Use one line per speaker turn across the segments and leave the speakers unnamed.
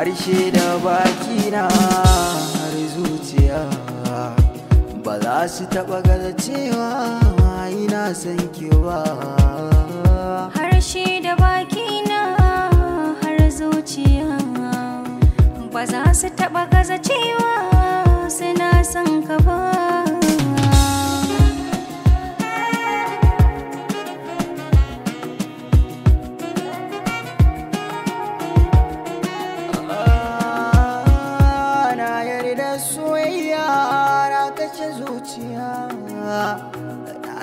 harshe da bakina har zuciya ba za su taɓa gaza cewa ina san ki ba harshe da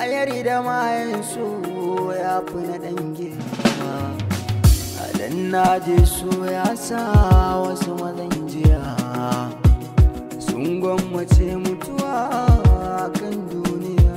alheri da mayansu ya fi na dange dan na je su ya sa wasu mazan jiya sun gwammace mutuwa kan duniya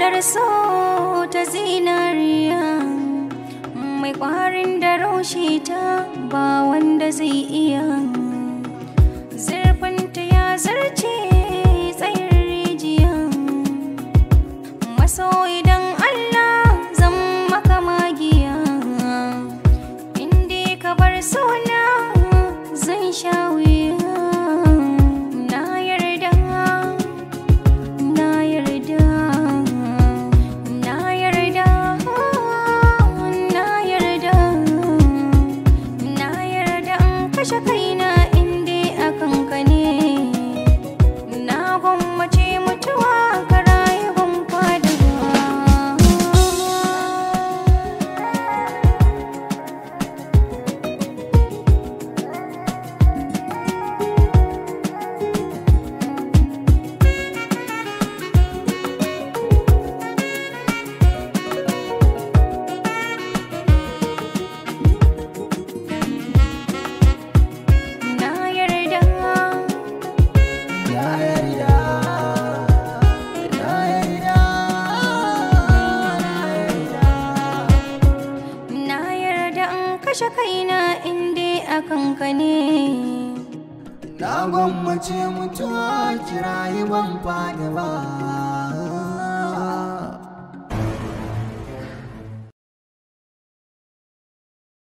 daular ta zinariya mai kwarin da raushe ta ba wanda zai iya kashe kaina inda a na gwammace mutuwa kirayi ban fada ba